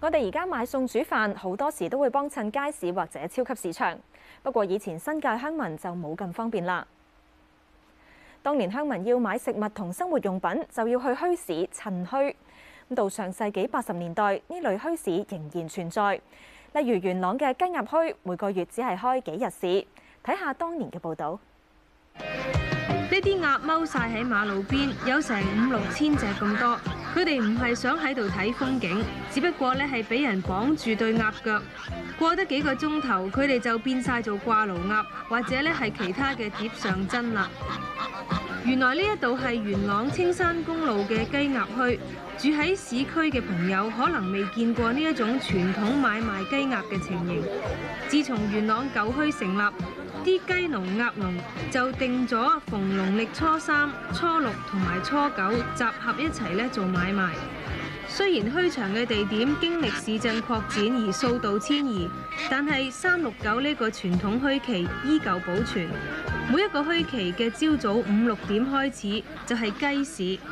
我哋而家買餸煮飯，好多時都會幫襯街市或者超級市場。不過以前新界鄉民就冇咁方便啦。當年鄉民要買食物同生活用品，就要去墟市趁墟。到上世紀八十年代，呢類墟市仍然存在。例如元朗嘅雞鴨墟，每個月只係開幾日市。睇下當年嘅報導。呢啲鴨踎晒喺馬路邊，有成五六千隻咁多。佢哋唔係想喺度睇風景，只不過咧係俾人綁住對鴨腳，過得幾個鐘頭，佢哋就變晒做掛爐鴨，或者咧係其他嘅碟上針啦。原來呢一度係元朗青山公路嘅雞鴨墟，住喺市區嘅朋友可能未見過呢一種傳統買賣雞鴨嘅情形。自從元朗舊墟成立，啲雞農鴨農就定咗逢農曆初三、初六同埋初九集合一齊咧做買賣。雖然墟場嘅地點經歷市鎮擴展而數度遷移，但係三六九呢個傳統墟期依舊保存。每一個墟期嘅朝早五六點開始就係雞市，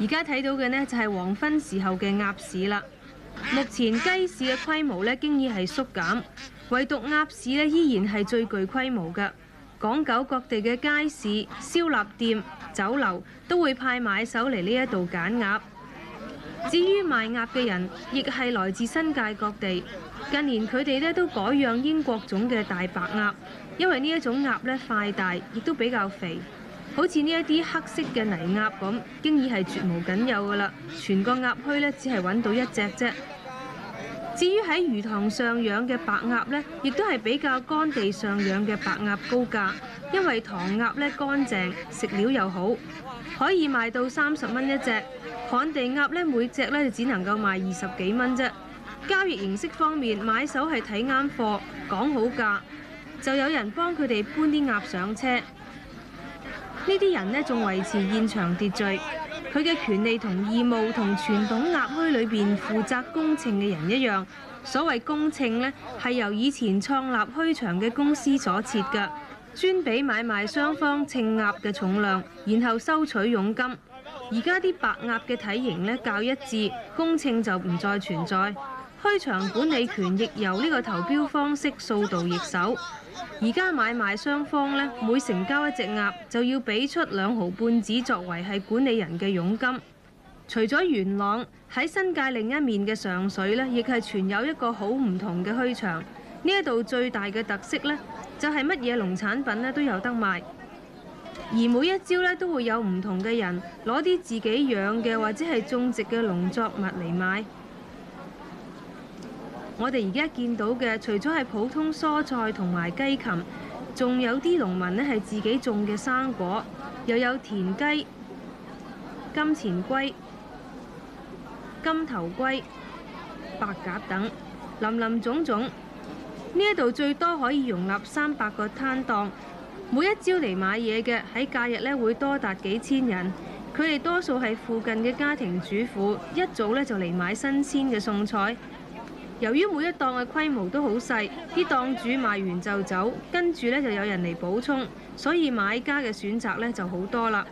而家睇到嘅呢就係黃昏時候嘅鴨市啦。目前雞市嘅規模咧經已係縮減。唯獨鴨市咧，依然係最具規模嘅。港九各地嘅街市、燒臘店、酒樓都會派買手嚟呢一度揀鴨。至於賣鴨嘅人，亦係來自新界各地。近年佢哋咧都改養英國種嘅大白鴨，因為呢一種鴨咧快大，亦都比較肥。好似呢一啲黑色嘅泥鴨咁，經已係絕無僅有㗎啦。全個鴨墟咧，只係揾到一隻啫。至於喺魚塘上養嘅白鴨呢，亦都係比較乾地上養嘅白鴨高價，因為塘鴨呢乾淨，食料又好，可以賣到三十蚊一隻。旱地鴨呢，每隻呢只能夠賣二十幾蚊啫。交易形式方面，買手係睇啱貨，講好價，就有人幫佢哋搬啲鴨上車。呢啲人呢，仲維持現場秩序。佢嘅權利同義務同傳統鴨墟裏邊負責公秤嘅人一樣。所謂公秤呢，係由以前創立墟場嘅公司所設嘅，專俾買賣雙方稱鴨嘅重量，然後收取佣金。而家啲白鴨嘅體型呢，較一致，公秤就唔再存在。墟場管理權亦由呢個投標方式數度易手，而家買賣雙方咧，每成交一隻鴨就要俾出兩毫半紙作為係管理人嘅佣金。除咗元朗，喺新界另一面嘅上水呢，亦係存有一個好唔同嘅墟場。呢一度最大嘅特色呢，就係乜嘢農產品咧都有得賣，而每一朝呢，都會有唔同嘅人攞啲自己養嘅或者係種植嘅農作物嚟賣。我哋而家見到嘅，除咗係普通蔬菜同埋雞禽，仲有啲農民呢係自己種嘅生果，又有田雞、金錢龜、金頭龜、白鴿等，林林總總。呢一度最多可以容納三百個攤檔，每一朝嚟買嘢嘅喺假日呢會多達幾千人。佢哋多數係附近嘅家庭主婦，一早呢就嚟買新鮮嘅餸菜。由於每一檔嘅規模都好細，啲檔主賣完就走，跟住呢就有人嚟補充，所以買家嘅選擇呢就好多啦。